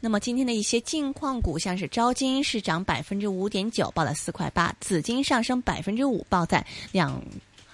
那麼今天的一些金礦股，像是招金是漲百分之五點九，報了四塊八；紫金上升百分之五，報在兩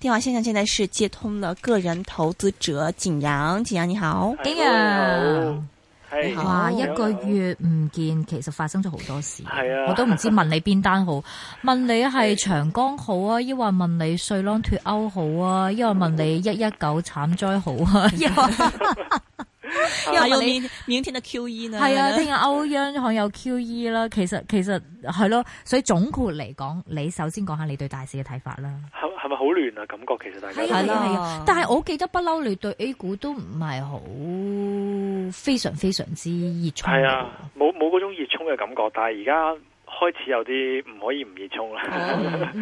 電話線上現在是接通了個人投資者景羊，景羊你好，景羊，Heyo, 你好啊！一個月唔見，Hello. 其實發生咗好多事，係啊，我都唔知問你邊單好，Heyo. 問你係長江好啊，抑或問你瑞郎脱歐好啊，抑或問你一一九慘災好啊。 因為你已經聽到 QE 啦，係啊，聽下歐央行有 QE 啦。其實其實係咯，所以總括嚟講，你首先講下你對大市嘅睇法啦。係係咪好亂啊？感覺其實大家係啊係啊，啊。但係我記得不嬲，你對 A 股都唔係好非常非常之熱衷。係啊，冇冇嗰種熱衷嘅感覺。但係而家。開始有啲唔可以唔熱衷啦、uh, 啊，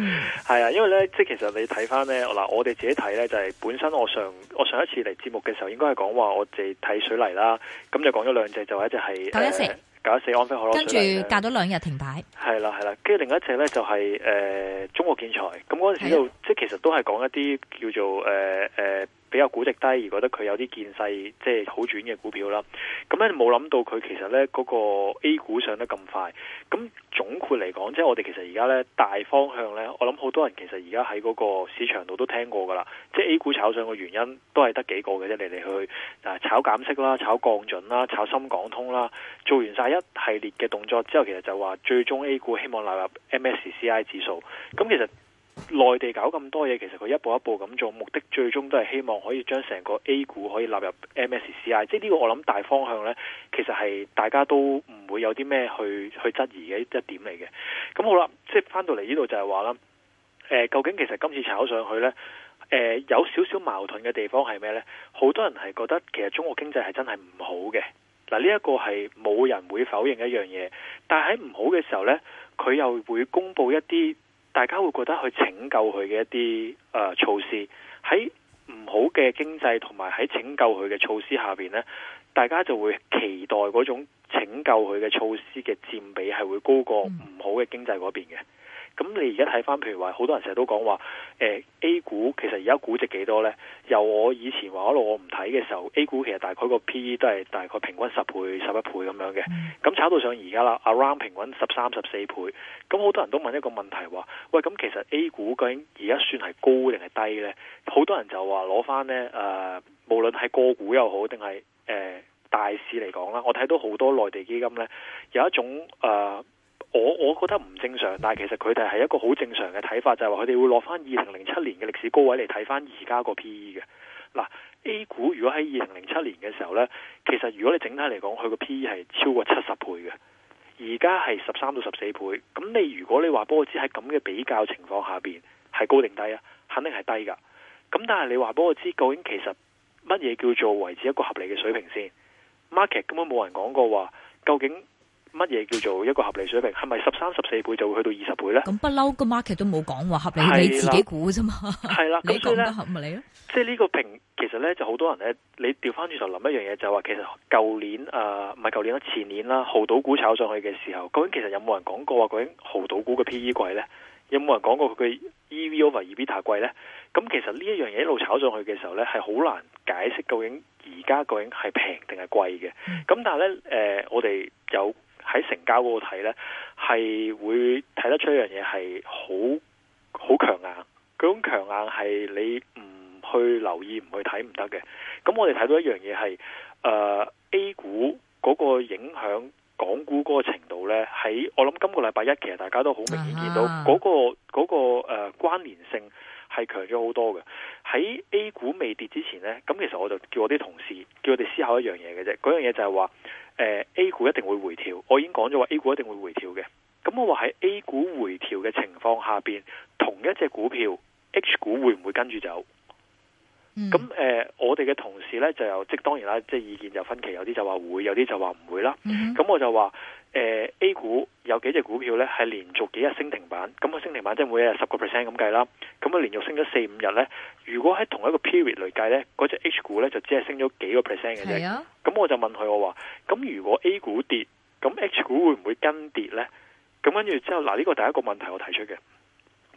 係、嗯、啊，因為咧，即係其實你睇翻咧嗱，我哋自己睇咧就係、是、本身我上我上一次嚟節目嘅時候，應該係講話我哋睇水泥啦，咁就講咗兩隻，就一隻係一隻安徽海螺水泥，跟住隔咗兩日停牌，係啦係啦，跟住、啊、另一隻咧就係、是、誒、呃、中國建材，咁嗰陣時就、啊、即係其實都係講一啲叫做誒誒。呃呃比較估值低而覺得佢有啲見勢即係好轉嘅股票啦，咁咧冇諗到佢其實咧嗰個 A 股上得咁快，咁總括嚟講，即係我哋其實而家咧大方向咧，我諗好多人其實而家喺嗰個市場度都聽過噶啦，即係 A 股炒上嘅原因都係得幾個嘅啫，嚟嚟去去炒減息啦，炒降準啦，炒深港通啦，做完晒一系列嘅動作之後，其實就話最終 A 股希望納入 MSCI 指數，咁其實。內地搞咁多嘢，其實佢一步一步咁做，目的最終都係希望可以將成個 A 股可以納入 MSCI，即係呢個我諗大方向呢，其實係大家都唔會有啲咩去去質疑嘅一點嚟嘅。咁好啦，即係翻到嚟呢度就係話啦，呃，究竟其實今次炒上去呢，呃，有少少矛盾嘅地方係咩呢？好多人係覺得其實中國經濟係真係唔好嘅。嗱，呢一個係冇人會否認一樣嘢，但係喺唔好嘅時候呢，佢又會公布一啲。大家會覺得去拯救佢嘅一啲誒、呃、措施，喺唔好嘅經濟同埋喺拯救佢嘅措施下邊呢，大家就會期待嗰種拯救佢嘅措施嘅佔比係會高過唔好嘅經濟嗰邊嘅。咁你而家睇翻，譬如話，好多人成日都講話，誒 A 股其實而家估值幾多呢？由我以前話度我唔睇嘅時候，A 股其實大概個 P/E 都係大概平均十倍、十一倍咁樣嘅。咁炒到上而家啦，around 平均十三、十四倍。咁好多人都問一個問題話，喂，咁其實 A 股究竟而家算係高定係低呢？」好多人就話攞翻呢，誒、呃，無論係個股又好定係、呃、大市嚟講啦，我睇到好多內地基金呢，有一種誒、呃我我覺得唔正常，但係其實佢哋係一個好正常嘅睇法，就係話佢哋會攞翻二零零七年嘅歷史高位嚟睇翻而家個 PE 嘅。嗱、啊、A 股如果喺二零零七年嘅時候呢，其實如果你整體嚟講，佢個 PE 係超過七十倍嘅，而家係十三到十四倍。咁你如果你話俾我知喺咁嘅比較情況下邊係高定低啊，肯定係低㗎。咁但係你話俾我知，究竟其實乜嘢叫做維持一個合理嘅水平先？Market 根本冇人講過話究竟。乜嘢叫做一個合理水平？係咪十三十四倍就會去到二十倍呢？咁不嬲，個 market 都冇講話合理，你自己估啫嘛。係啦， 你講得合理即係呢，呢、就是、個平，其實呢就好多人呢，你調翻轉頭諗一樣嘢，就話其實舊年誒，唔係舊年啦，前年啦，濠賭股炒上去嘅時候，究竟其實有冇人講過話，究竟濠賭股嘅 P E 貴呢？有冇人講過佢嘅 E V over EBITDA 貴呢？咁其實呢一樣嘢一路炒上去嘅時候呢，係好難解釋究竟而家究竟係平定係貴嘅。咁、嗯、但係呢，誒、呃，我哋有。喺成交嗰度睇呢，係會睇得出一樣嘢係好好強硬，嗰種強硬係你唔去留意、唔去睇唔得嘅。咁我哋睇到一樣嘢係，誒、呃、A 股嗰個影響港股嗰個程度呢。喺我諗今個禮拜一，其實大家都好明顯見到嗰、uh -huh. 嗰個嗰、嗰個誒、呃、關聯性係強咗好多嘅。喺 A 股未跌之前呢，咁其實我就叫我啲同事叫我哋思考一樣嘢嘅啫，嗰樣嘢就係話。誒、呃、A 股一定會回調，我已經講咗話 A 股一定會回調嘅。咁我話喺 A 股回調嘅情況下邊，同一隻股票 H 股會唔會跟住走？咁、嗯、誒、呃，我哋嘅同事咧就有即當然啦，即係意見就分歧，有啲就話會，有啲就話唔會啦。咁、嗯嗯、我就話。誒，A 股有幾隻股票咧，係連續幾日升停板，咁個升停板即係每日十個 percent 咁計啦，咁佢連續升咗四五日咧，如果喺同一個 period 嚟計咧，嗰隻 H 股咧，就只係升咗幾個 percent 嘅啫。咁我就問佢我話，咁如果 A 股跌，咁 H 股會唔會跟跌咧？咁跟住之後，嗱呢個第一個問題我提出嘅，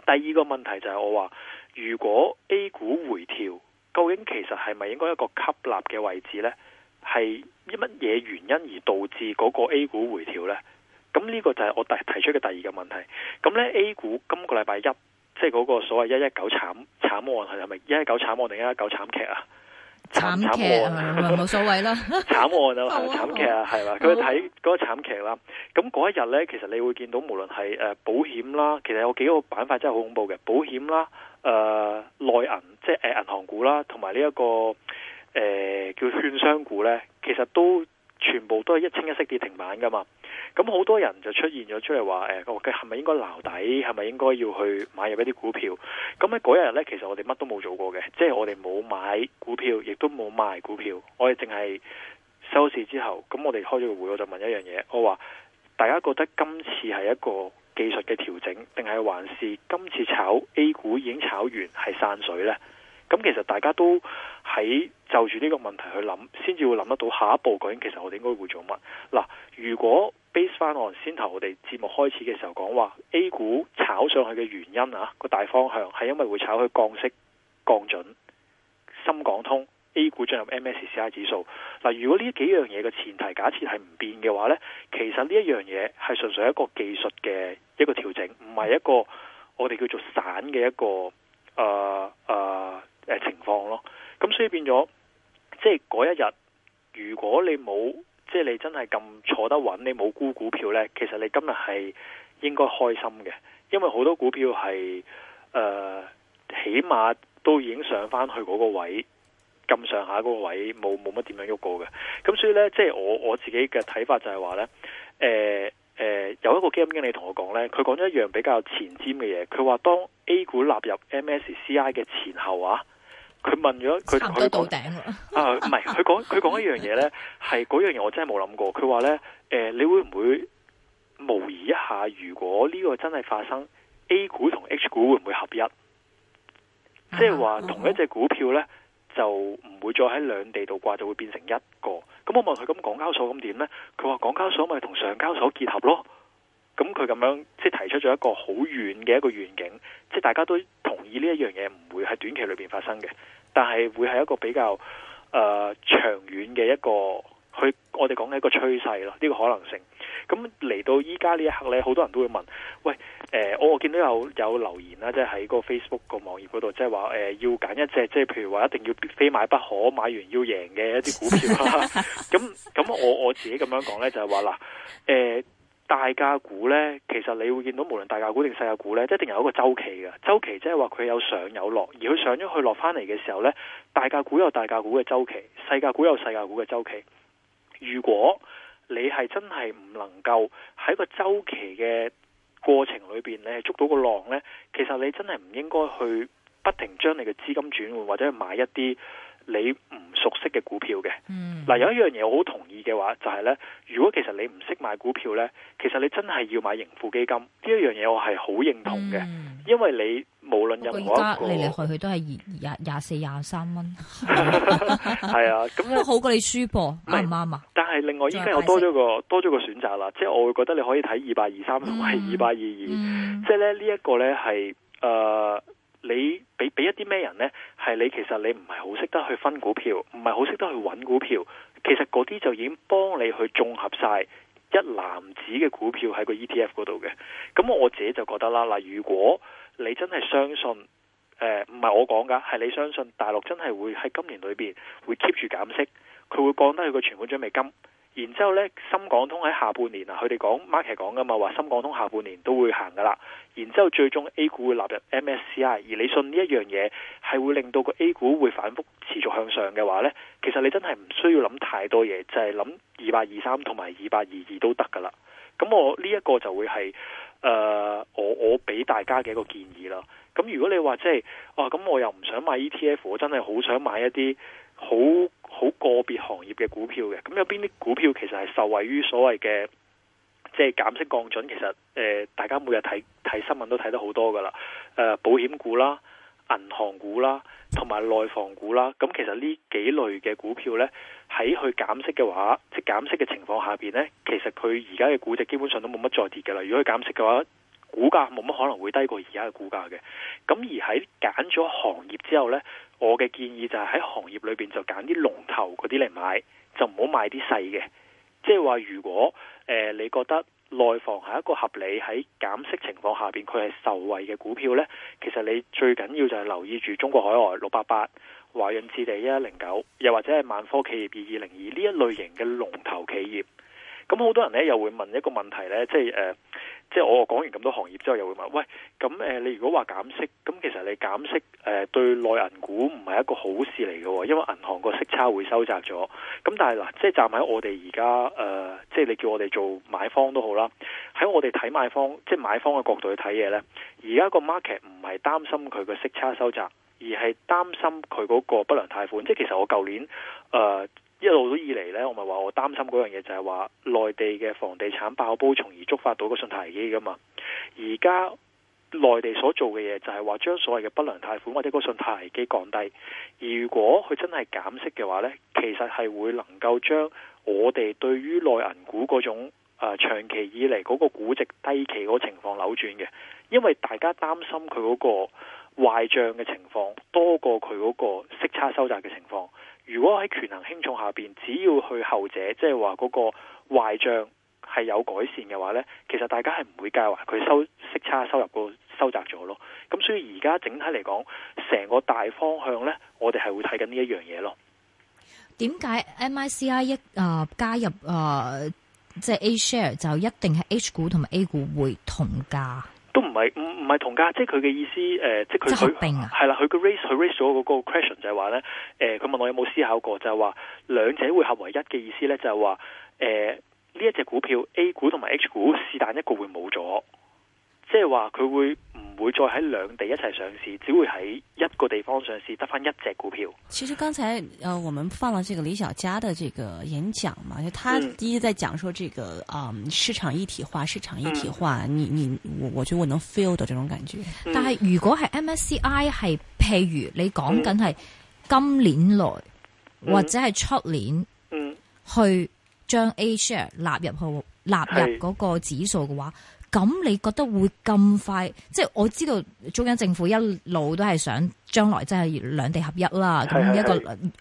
第二個問題就係我話，如果 A 股回調，究竟其實係咪應該一個吸納嘅位置咧？係。因乜嘢原因而導致嗰個 A 股回調呢？咁呢個就係我提提出嘅第二個問題。咁呢 A 股今個禮拜一，即係嗰個所謂一一九慘慘案係係咪一一九慘案定一一九慘劇啊？慘劇啊，冇所謂啦。慘案就係慘， 慘，案 慘劇 啊，係嘛？佢睇嗰個慘劇啦。咁嗰一日呢，其實你會見到無論係誒保險啦，其實有幾個板塊真係好恐怖嘅保險啦，誒、呃、內銀即係誒銀行股啦，同埋呢一個。券商股呢，其實都全部都係一清一色跌停板噶嘛。咁、嗯、好多人就出現咗出嚟話：誒，我嘅係咪應該撈底？係咪應該要去買入一啲股票？咁喺嗰一日呢，其實我哋乜都冇做過嘅，即係我哋冇買股票，亦都冇賣股票，我哋淨係收市之後，咁、嗯、我哋開咗個會，我就問一樣嘢，我話大家覺得今次係一個技術嘅調整，定係還是今次炒 A 股已經炒完，係散水呢？咁其實大家都喺就住呢個問題去諗，先至會諗得到下一步究竟其實我哋應該會做乜？嗱、啊，如果 base 翻案先頭我哋節目開始嘅時候講話、啊、A 股炒上去嘅原因啊，個大方向係因為會炒去降息、降準、深港通，A 股進入 MSCI 指數。嗱、啊，如果呢幾樣嘢嘅前提假設係唔變嘅話呢，其實呢一樣嘢係純粹一個技術嘅一個調整，唔係一個我哋叫做散嘅一個啊啊。呃呃嘅情況咯，咁所以變咗，即係嗰一日，如果你冇即係你真係咁坐得穩，你冇沽股票呢。其實你今日係應該開心嘅，因為好多股票係誒、呃，起碼都已經上翻去嗰個位，咁上下嗰個位冇冇乜點樣喐過嘅。咁所以呢，即係我我自己嘅睇法就係話呢，誒、呃、誒、呃，有一個基金經理同我講呢，佢講咗一樣比較前瞻嘅嘢，佢話當 A 股納入 MSCI 嘅前後啊。佢問咗佢佢講啊，唔係佢講佢講一樣嘢呢，係嗰樣嘢我真係冇諗過。佢話呢，誒、呃，你會唔會模擬一下，如果呢個真係發生 A 股同 H 股會唔會合一？即係話同一隻股票呢，就唔會再喺兩地度掛，就會變成一個。咁我問佢咁港交所咁點呢？佢話港交所咪同上交所結合咯。咁佢咁樣即係、就是、提出咗一個好遠嘅一個願景，即、就、係、是、大家都。以呢一樣嘢唔會喺短期裏邊發生嘅，但係會係一個比較誒、呃、長遠嘅一個，佢我哋講係一個趨勢咯，呢個可能性。咁嚟到依家呢一刻咧，好多人都會問：喂，誒、呃，我見到有有留言啦，即係喺個 Facebook 個網頁嗰度，即係話誒要揀一隻，即係譬如話一定要非買不可，買完要贏嘅一啲股票啦。咁 咁， 我我自己咁樣講咧，就係話嗱，誒、呃。大價股呢，其實你會見到，無論大價股定細價股呢，一定有一個周期嘅周，周期，即係話佢有上有落，而佢上咗去落翻嚟嘅時候呢，大價股有大價股嘅周期，細價股有細價股嘅周期。如果你係真係唔能夠喺個周期嘅過程裏邊你係捉到個浪呢，其實你真係唔應該去不停將你嘅資金轉換或者去買一啲。你唔熟悉嘅股票嘅，嗱、嗯、有一樣嘢我好同意嘅話就係、是、咧，如果其實你唔識買股票咧，其實你真係要買盈富基金呢一樣嘢我係好認同嘅，因為你無論任何一個，嚟嚟去去都係二廿廿四廿三蚊，係 啊，咁都好，好過你輸噃，唔啱嘛？但係另外依家又多咗個多咗個選擇啦，即係我會覺得你可以睇二百二三同埋二百二二，即係咧呢一、這個咧係誒。是呃一啲咩人呢？係你其實你唔係好識得去分股票，唔係好識得去揾股票。其實嗰啲就已經幫你去綜合晒一籃子嘅股票喺個 ETF 嗰度嘅。咁我自己就覺得啦，嗱，如果你真係相信，呃、唔係我講噶，係你相信大陸真係會喺今年裏邊會 keep 住減息，佢會降低佢個存款準備金。然之後呢，深港通喺下半年啊，佢哋講 market 講㗎嘛，話深港通下半年都會行㗎啦。然之後最終 A 股會納入 MSCI，而你信呢一樣嘢係會令到個 A 股會反覆持續向上嘅話呢，其實你真係唔需要諗太多嘢，就係諗二八二三同埋二八二二都得㗎啦。咁我呢一、這個就會係誒、呃、我我俾大家嘅一個建議啦。咁如果你話即係啊，咁我又唔想買 ETF，我真係好想買一啲。好好個別行業嘅股票嘅，咁有邊啲股票其實係受惠於所謂嘅即係減息降準，其實誒、呃，大家每日睇睇新聞都睇得好多噶啦。誒、呃，保險股啦、銀行股啦、同埋內房股啦，咁其實呢幾類嘅股票呢，喺去減息嘅話，即係減息嘅情況下邊呢，其實佢而家嘅估值基本上都冇乜再跌㗎啦。如果去減息嘅話，股價冇乜可能會低過而家嘅股價嘅。咁而喺揀咗行業之後呢。我嘅建議就係喺行業裏邊就揀啲龍頭嗰啲嚟買，就唔好買啲細嘅。即係話，如果誒、呃、你覺得內房係一個合理喺減息情況下邊佢係受惠嘅股票呢，其實你最緊要就係留意住中國海外六八八、華潤置地一一零九，又或者係萬科企業二二零二呢一類型嘅龍頭企業。咁好多人咧又會問一個問題咧，即係、呃、即係我講完咁多行業之後，又會問，喂，咁誒，你如果話減息，咁其實你減息誒、呃、對內銀股唔係一個好事嚟嘅，因為銀行個息差會收窄咗。咁但係嗱，即係站喺我哋而家誒，即係你叫我哋做買方都好啦，喺我哋睇買方，即係買方嘅角度去睇嘢咧，而家個 market 唔係擔心佢個息差收窄，而係擔心佢嗰個不良貸款。即係其實我舊年誒。呃一路到以嚟呢，我咪話我擔心嗰樣嘢就係話內地嘅房地產爆煲，從而觸發到個信貸危機噶嘛。而家內地所做嘅嘢就係話將所謂嘅不良貸款或者個信貸危機降低。如果佢真係減息嘅話呢，其實係會能夠將我哋對於內銀股嗰種啊、呃、長期以嚟嗰個估值低企嗰個情況扭轉嘅，因為大家擔心佢嗰、嗰個。壞賬嘅情況多過佢嗰個息差收窄嘅情況。如果喺權衡輕重下邊，只要去後者，即係話嗰個壞賬係有改善嘅話呢，其實大家係唔會介懷佢收息差收入個收窄咗咯。咁所以而家整體嚟講，成個大方向呢，我哋係會睇緊呢一樣嘢咯。點解 MSCI 一啊加入啊即係 A share 就一定係 H 股同埋 A 股會同價？都唔係唔唔係同價，即係佢嘅意思，誒、呃，即係佢係啦，佢嘅 raise 佢 raise 咗個 question 就係話咧，誒、呃，佢問我有冇思考過，就係話兩者會合為一嘅意思咧，就係話，誒，呢一隻股票 A 股同埋 H 股，是但一個會冇咗。即係話佢會唔會再喺兩地一齊上市，只會喺一個地方上市得返一隻股票。其實剛才誒、呃，我們放了這個李小加的這個演講嘛，就他第一在講說，這個啊市場一體化，市場一體化，嗯、你你我我覺得我能 feel 到這種感覺。嗯、但係如果係 MSCI 係，譬如你講緊係今年內、嗯、或者係出年，嗯，去將 A-share 納入去納入嗰個指數嘅話。咁你覺得會咁快？即係我知道中央政府一路都係想將來，即係兩地合一啦，咁一個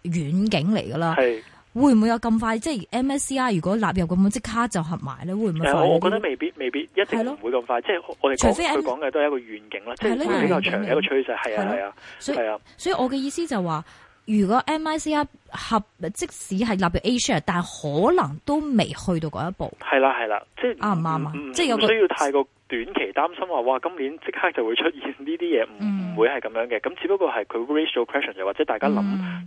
遠景嚟噶啦。係會唔會有咁快？即係 MSCI 如果納入咁，即卡就合埋咧，會唔會快？我覺得未必，未必，一定唔會咁快。即係我哋除非佢講嘅都係一個遠景啦，即係呢個比較長嘅一個趨勢。係啊，係啊，係啊。所以我嘅意思就話、係。如果 MIC a 合，即使係納入 Asia，但係可能都未去到嗰一步。係啦，係啦，即係啱唔啱啊？即係有需要太過。短期擔心話哇，今年即刻就會出現呢啲嘢，唔、嗯、唔會係咁樣嘅。咁只不過係佢 racial question，又或者大家諗諗、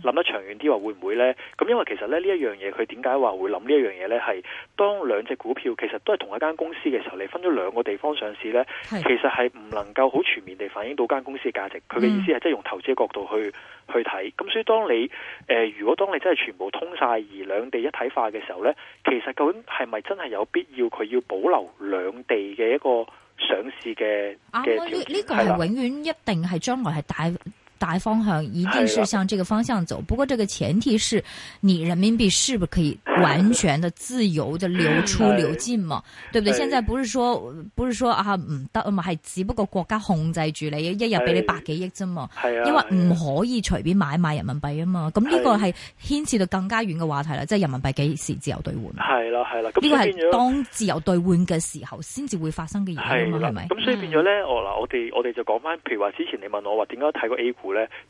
嗯、得長遠啲話會唔會呢？咁因為其實咧呢一樣嘢，佢點解話會諗呢一樣嘢呢？係當兩隻股票其實都係同一間公司嘅時候，你分咗兩個地方上市呢，其實係唔能夠好全面地反映到間公司嘅價值。佢嘅意思係即係用投資嘅角度去去睇。咁所以當你、呃、如果當你真係全部通晒而兩地一體化嘅時候呢，其實究竟係咪真係有必要佢要保留兩地嘅一個？上市嘅，呢、啊、呢、呢個係永遠一定係將來係大。大方向一定是向這個方向走，啊，不過這個前提是你人民幣是不是可以完全的自由的流，啊、出流進嘛、啊，對不對、啊。現在不是說不是說啊唔得啊嘛，係只不過國家控制住你一日俾你百幾億啫嘛、啊，因為唔可以隨便買賣人民幣啊嘛。咁呢、啊啊、個係牽涉到更加遠嘅話題啦，即、就、係、是、人民幣幾時自由兌換？係啦係啦，呢、啊啊這個係當自由兌換嘅時候先至會發生嘅嘢，係咪、啊？咁、啊啊、所以變咗咧，我嗱我哋我哋就講翻，譬如話之前你問我話點解睇過 A。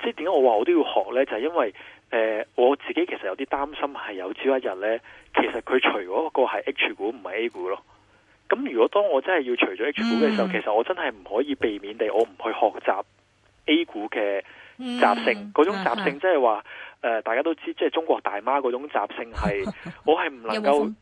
即係點解我話我都要學呢？就係，因為誒、呃，我自己其實有啲擔心，係有朝一日呢，其實佢除嗰個係 H 股，唔係 A 股咯。咁如果當我真係要除咗 H 股嘅時候、嗯，其實我真係唔可以避免地，我唔去學習 A 股嘅習性，嗰、嗯、種習性就是說，即係話誒，大家都知道，即、就、係、是、中國大媽嗰種習性係，我係唔能夠。 會分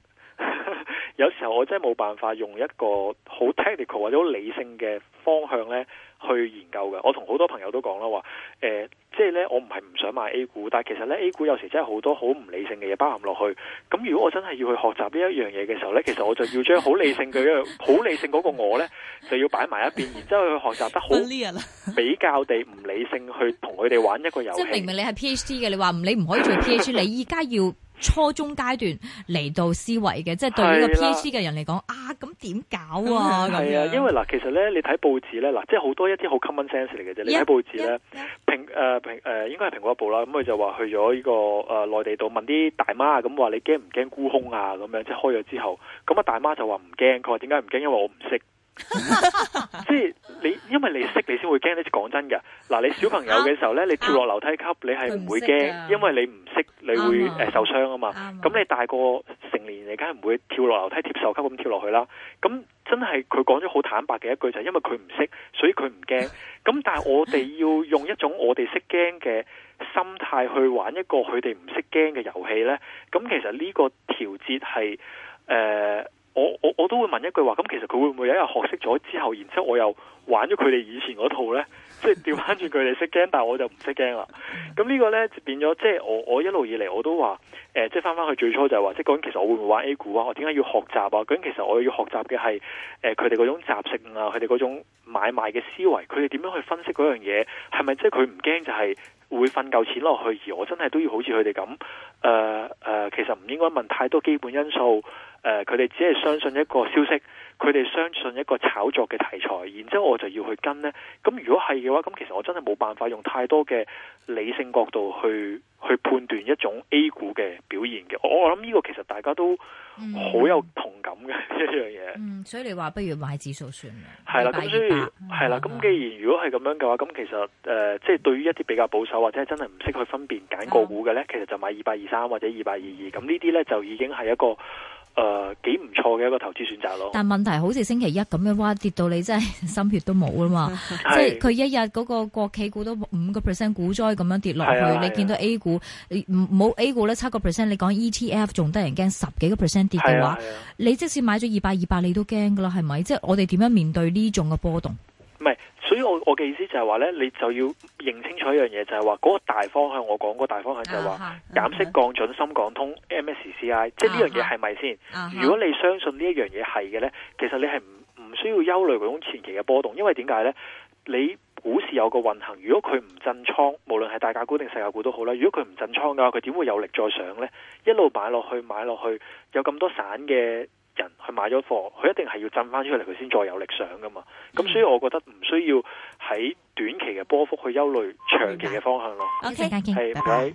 有時候我真係冇辦法用一個好 technical 或者理性嘅方向咧去研究嘅。我同好多朋友都講啦，話、呃、誒，即係咧我唔係唔想買 A 股，但係其實咧 A 股有時候真係好多好唔理性嘅嘢包含落去。咁如果我真係要去學習呢一樣嘢嘅時候咧，其實我就要將好理性嘅一好理性嗰個我咧，就要擺埋一邊，然之後去學習得好比較地唔理性去同佢哋玩一個遊戲。即係明明你係 PhD 嘅，你話唔你唔可以做 PhD，你而家要。初中階段嚟到思維嘅，即係對呢個 p c 嘅人嚟講，啊咁點搞啊？係啊，因為嗱，其實咧你睇報紙咧，嗱，即係好多一啲好 common sense 嚟嘅啫。Yeah, 你睇報紙咧，蘋誒蘋誒，應該係蘋果報啦。咁佢就話去咗呢個誒內地度問啲大媽咁話，你驚唔驚沽空啊？咁樣即係開咗之後，咁啊大媽就話唔驚，佢話點解唔驚？因為我唔識。即 係 你，因為你識你先會驚。呢，講真嘅，嗱，你小朋友嘅時候呢、啊，你跳落樓梯級，啊、你係唔會驚，因為你唔識，你會誒、呃、受傷啊嘛。咁你大個成年，你梗係唔會跳落樓梯貼手級咁跳落去啦。咁真係佢講咗好坦白嘅一句，就係、是、因為佢唔識，所以佢唔驚。咁 但係我哋要用一種我哋識驚嘅心態去玩一個佢哋唔識驚嘅遊戲呢。咁其實呢個調節係誒。呃我我我都會問一句話，咁其實佢會唔會有一日學識咗之後，然之後我又玩咗佢哋以前嗰套呢？即係調翻轉，佢哋識驚，但係我就唔識驚啦。咁呢個呢就變咗，即係我我一路以嚟我都話，誒，即係翻翻去最初就係話，即係究竟其實我會唔會玩 A 股啊？我點解要學習啊？究竟其實我要學習嘅係，誒，佢哋嗰種習性啊，佢哋嗰種買賣嘅思維，佢哋點樣去分析嗰樣嘢，係咪即係佢唔驚就係？會瞓夠錢落去，而我真係都要好似佢哋咁，誒、呃、誒、呃，其實唔應該問太多基本因素，誒、呃，佢哋只係相信一個消息。佢哋相信一個炒作嘅題材，然之後我就要去跟呢。咁如果係嘅話，咁其實我真係冇辦法用太多嘅理性角度去去判斷一種 A 股嘅表現嘅。我我諗呢個其實大家都好有同感嘅一樣嘢。嗯，所以你話不如買指數算啦。係啦，咁所以係啦。咁既然如果係咁樣嘅話，咁其實誒，即係對於一啲比較保守或者係真係唔識去分辨揀個股嘅呢，oh. 其實就買二百二三或者二百二二咁呢啲呢，就已經係一個。誒、呃，幾唔錯嘅一個投資選擇咯。但問題好似星期一咁樣，哇，跌到你真係心血都冇啊嘛！ 即係佢一日嗰個國企股都五個 percent 股災咁樣跌落去、啊，你見到 A 股唔冇、啊、A 股咧七個 percent，你講 ETF 仲得人驚十幾個 percent 跌嘅話、啊啊，你即使買咗二百二百，你都驚噶啦，係咪？即係我哋點樣面對呢種嘅波動？唔係。所以我我嘅意思就係話咧，你就要認清楚一樣嘢，就係話嗰個大方向。我講嗰大方向就係話減息降準、深港通、MSCI，Uh-huh. 即係呢樣嘢係咪先？Uh -huh. 如果你相信呢一樣嘢係嘅咧，其實你係唔唔需要憂慮嗰種前期嘅波動，因為點解咧？你股市有個運行，如果佢唔震倉，無論係大價股定世界股都好啦。如果佢唔震倉嘅話，佢點會有力再上咧？一路買落去買落去，有咁多散嘅。人去買咗貨，佢一定係要震翻出嚟，佢先再有力上㗎嘛。咁所以，我覺得唔需要喺短期嘅波幅去憂慮長期嘅方向咯。OK，拜拜。